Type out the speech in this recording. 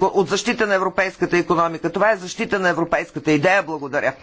от защита на европейската економика. Това е защита на европейската идея. Благодаря.